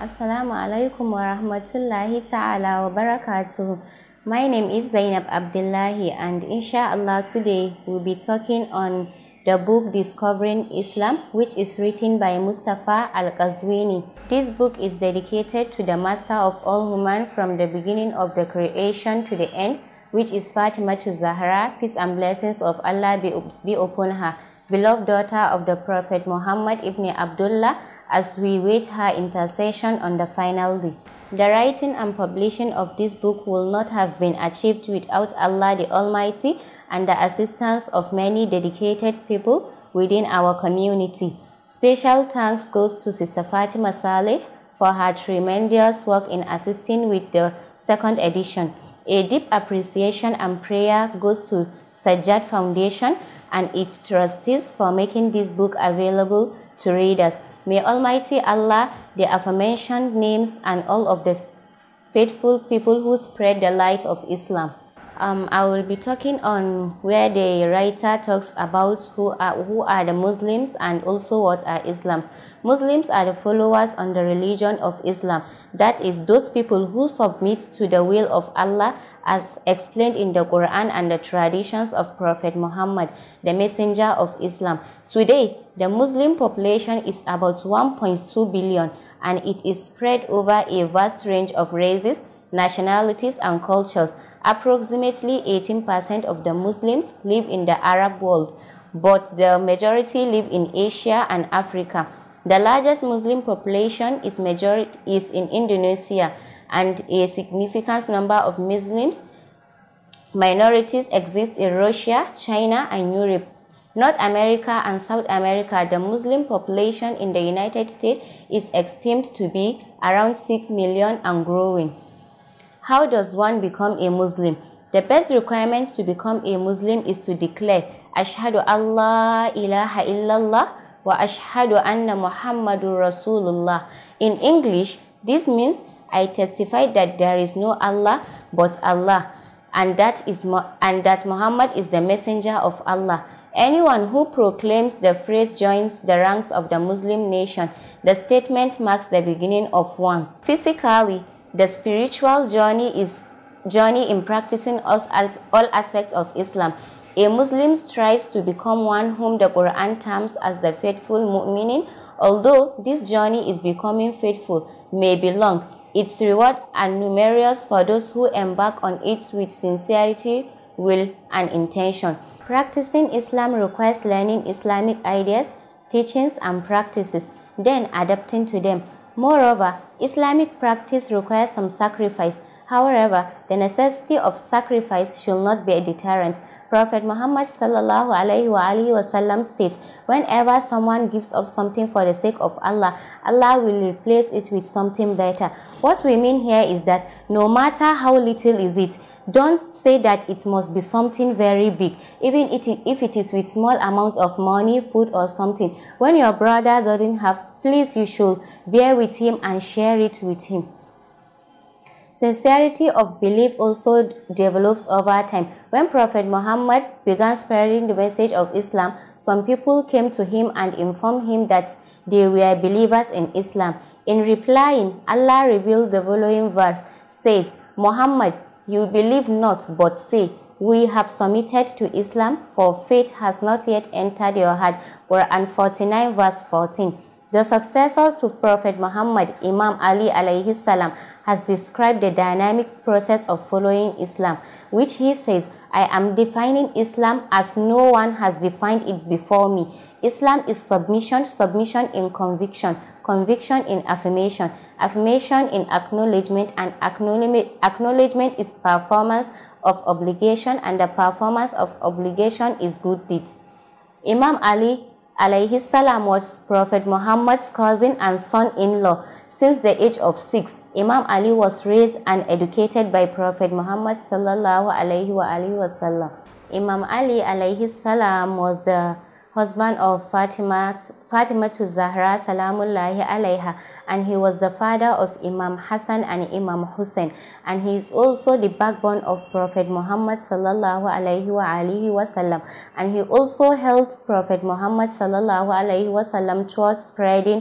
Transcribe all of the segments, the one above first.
Assalamu alaikum wa rahmatullahi ta'ala wa barakatuh. My name is Zainab Abdullahi and inshallah today we'll be talking on the book Discovering Islam which is written by Mustafa Al-Qazwini. This book is dedicated to the master of all human from the beginning of the creation to the end which is Fatima to Zahra, peace and blessings of Allah be, be upon her beloved daughter of the Prophet Muhammad ibn Abdullah, as we wait her intercession on the final day. The writing and publishing of this book will not have been achieved without Allah the Almighty and the assistance of many dedicated people within our community. Special thanks goes to Sister Fatima Saleh for her tremendous work in assisting with the second edition. A deep appreciation and prayer goes to Sajjad Foundation and its trustees for making this book available to readers. May Almighty Allah, the aforementioned names, and all of the faithful people who spread the light of Islam. Um, I will be talking on where the writer talks about who are, who are the Muslims and also what are Islam. Muslims are the followers on the religion of Islam. That is those people who submit to the will of Allah as explained in the Quran and the traditions of Prophet Muhammad, the messenger of Islam. Today, the Muslim population is about 1.2 billion and it is spread over a vast range of races, nationalities and cultures Approximately 18% of the Muslims live in the Arab world, but the majority live in Asia and Africa. The largest Muslim population is, majority, is in Indonesia, and a significant number of Muslims minorities exist in Russia, China, and Europe. North America and South America, the Muslim population in the United States is estimated to be around 6 million and growing. How does one become a Muslim? The best requirement to become a Muslim is to declare Ashhadu Allah ilaha illallah wa ashhadu anna Muhammadur Rasulullah. In English, this means I testify that there is no Allah but Allah and that is and that Muhammad is the messenger of Allah. Anyone who proclaims the phrase joins the ranks of the Muslim nation. The statement marks the beginning of one's physically the spiritual journey is journey in practicing all aspects of Islam. A Muslim strives to become one whom the Quran terms as the faithful mu'minin. Although this journey is becoming faithful may be long, its reward are numerous for those who embark on it with sincerity, will, and intention. Practicing Islam requires learning Islamic ideas, teachings, and practices, then adapting to them. Moreover, Islamic practice requires some sacrifice. However, the necessity of sacrifice should not be a deterrent. Prophet Muhammad sallallahu alaihi wasallam states, "Whenever someone gives up something for the sake of Allah, Allah will replace it with something better." What we mean here is that no matter how little is it, don't say that it must be something very big, even if it is with small amount of money, food, or something. When your brother doesn't have please you should bear with him and share it with him. Sincerity of belief also develops over time. When Prophet Muhammad began spreading the message of Islam, some people came to him and informed him that they were believers in Islam. In replying, Allah revealed the following verse, says, Muhammad, you believe not, but say, we have submitted to Islam, for faith has not yet entered your heart. Quran 49 verse 14. The successor to Prophet Muhammad, Imam Ali alayhi salam, has described the dynamic process of following Islam, which he says, I am defining Islam as no one has defined it before me. Islam is submission, submission in conviction, conviction in affirmation, affirmation in acknowledgement, and acknowledgement is performance of obligation, and the performance of obligation is good deeds. Imam Ali alayhi salam was Prophet Muhammad's cousin and son-in-law. Since the age of six, Imam Ali was raised and educated by Prophet Muhammad sallallahu alayhi wa Imam Ali alayhi salam was the husband of Fatima, Fatima to Zahra Salamullahi alaiha, and he was the father of Imam Hassan and Imam Hussein, and he is also the backbone of Prophet Muhammad Sallallahu Alaihi wa alihi Wasallam, and he also helped Prophet Muhammad Sallallahu Alaihi Wasallam towards spreading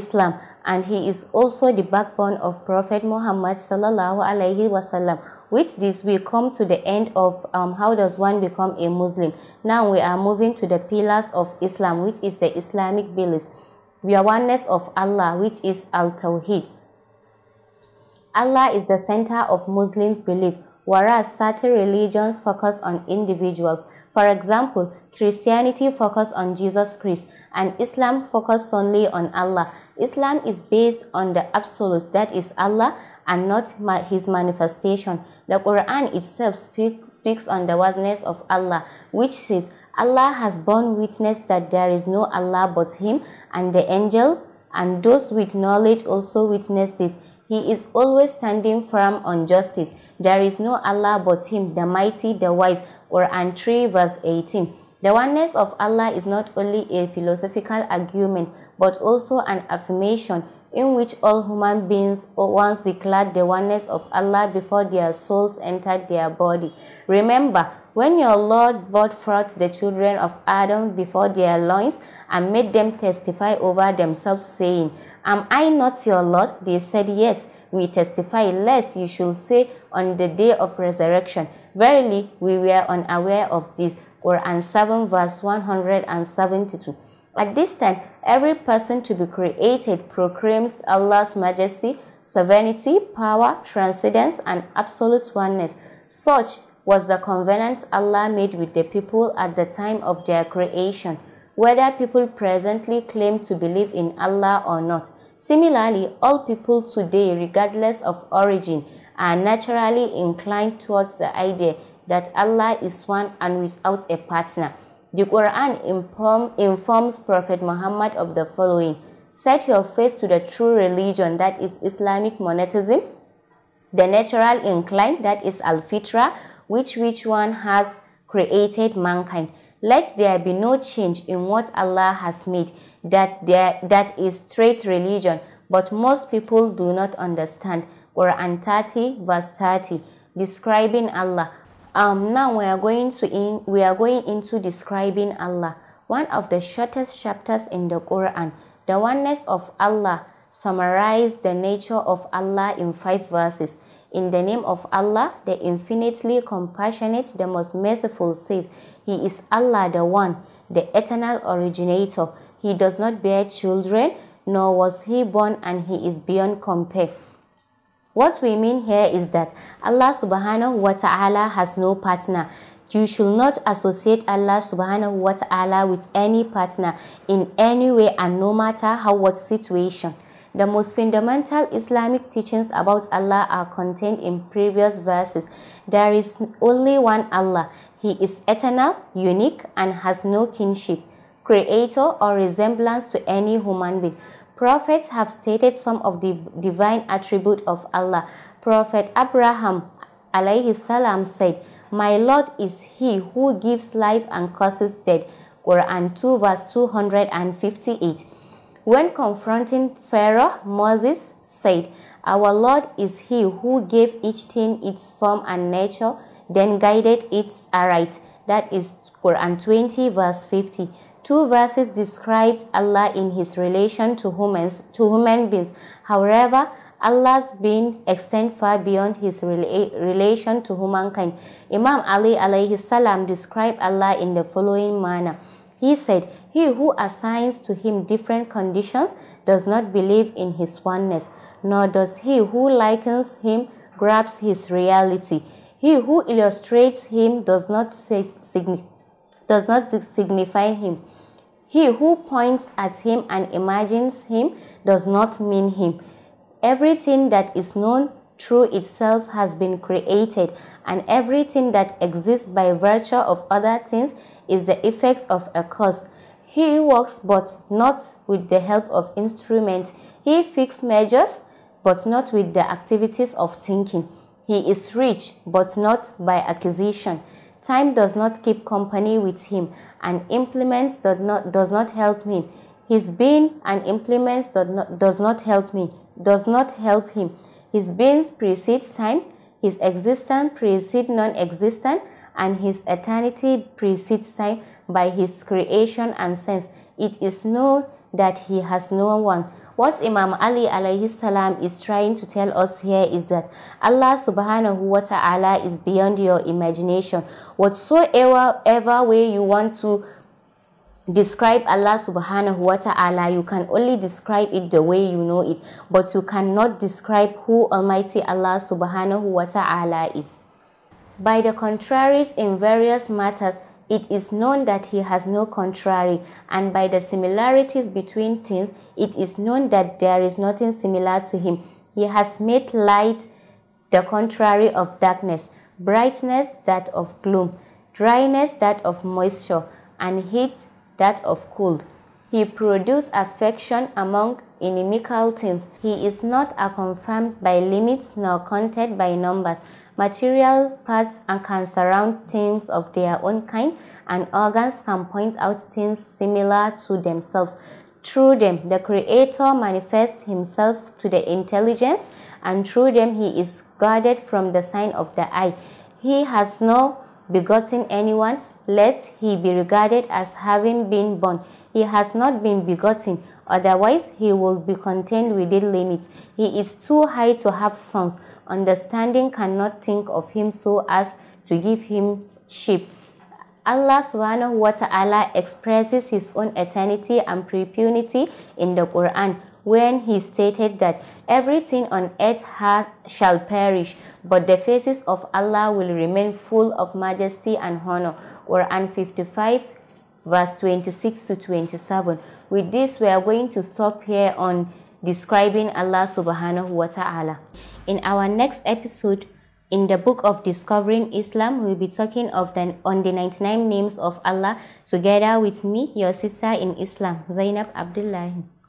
Islam, and he is also the backbone of Prophet Muhammad Sallallahu Alaihi Wasallam with this, we come to the end of um, how does one become a Muslim. Now we are moving to the pillars of Islam, which is the Islamic beliefs. The oneness of Allah, which is al Tawhid. Allah is the center of Muslims' belief, whereas certain religions focus on individuals. For example, Christianity focuses on Jesus Christ and Islam focuses solely on Allah. Islam is based on the absolute, that is Allah, and not ma his manifestation. The Quran itself speak, speaks on the oneness of Allah, which says, Allah has borne witness that there is no Allah but Him, and the angel and those with knowledge also witness this. He is always standing firm on justice. There is no Allah but Him, the mighty, the wise. Quran 3 verse 18. The oneness of Allah is not only a philosophical argument but also an affirmation in which all human beings once declared the oneness of Allah before their souls entered their body. Remember, when your Lord brought forth the children of Adam before their loins and made them testify over themselves, saying, Am I not your Lord? They said, Yes, we testify, lest you should say on the day of resurrection, Verily, we were unaware of this. Quran 7, verse 172. At this time, every person to be created proclaims Allah's majesty, sovereignty, power, transcendence, and absolute oneness. Such was the covenant Allah made with the people at the time of their creation, whether people presently claim to believe in Allah or not. Similarly, all people today, regardless of origin, are naturally inclined towards the idea that Allah is one and without a partner. The Quran inform, informs Prophet Muhammad of the following Set your face to the true religion, that is Islamic monotheism, the natural incline, that is Al Fitra, which which one has created mankind. Let there be no change in what Allah has made, that, there, that is straight religion, but most people do not understand. Quran 30, verse 30, describing Allah. Um, now we are going to in we are going into describing Allah, one of the shortest chapters in the Quran. The oneness of Allah summarized the nature of Allah in five verses. In the name of Allah, the infinitely compassionate, the most merciful says, He is Allah the One, the eternal originator. He does not bear children, nor was he born, and he is beyond compare. What we mean here is that Allah subhanahu wa ta'ala has no partner. You should not associate Allah subhanahu wa ta'ala with any partner in any way and no matter how what situation. The most fundamental Islamic teachings about Allah are contained in previous verses. There is only one Allah. He is eternal, unique, and has no kinship, creator, or resemblance to any human being. Prophets have stated some of the divine attribute of Allah. Prophet Abraham alayhi salam said, My Lord is he who gives life and causes death. Quran 2 verse 258. When confronting Pharaoh, Moses said, Our Lord is he who gave each thing its form and nature, then guided it aright. That is Quran 20 verse 50. Two verses described Allah in his relation to humans to human beings. However, Allah's being extends far beyond his rela relation to humankind. Imam Ali alayhi salam described Allah in the following manner. He said, He who assigns to him different conditions does not believe in his oneness, nor does he who likens him grasp his reality. He who illustrates him does not, does not signify him. He who points at him and imagines him does not mean him. Everything that is known through itself has been created, and everything that exists by virtue of other things is the effect of a cause. He works but not with the help of instruments. He fixes measures but not with the activities of thinking. He is rich but not by acquisition. Time does not keep company with him, and implements does not, does not help him. His being and implements does not, does not help me, does not help him. His being precedes time, his existence precedes non-existent, and his eternity precedes time by his creation and sense. It is known that he has no one what Imam Ali alayhi salam is trying to tell us here is that Allah subhanahu wa ta'ala is beyond your imagination. Whatsoever ever way you want to describe Allah subhanahu wa ta'ala, you can only describe it the way you know it, but you cannot describe who Almighty Allah subhanahu wa ta'ala is. By the contraries in various matters, it is known that he has no contrary, and by the similarities between things, it is known that there is nothing similar to him. He has made light the contrary of darkness, brightness that of gloom, dryness that of moisture, and heat that of cold. He produced affection among inimical things. He is not confirmed by limits nor counted by numbers. Material parts and can surround things of their own kind, and organs can point out things similar to themselves. Through them, the Creator manifests Himself to the intelligence, and through them, He is guarded from the sign of the eye. He has no begotten anyone, lest he be regarded as having been born. He has not been begotten, otherwise he will be contained within limits. He is too high to have sons, understanding cannot think of him so as to give him sheep. Allah subhanahu wa ta'ala expresses his own eternity and prepunity in the Quran when he stated that everything on earth has, shall perish, but the faces of Allah will remain full of majesty and honor. Quran 55 verse 26 to 27. With this, we are going to stop here on describing Allah subhanahu wa ta'ala. In our next episode, in the book of Discovering Islam, we'll be talking of the, on the 99 names of Allah together with me, your sister in Islam, Zainab Abdullahi.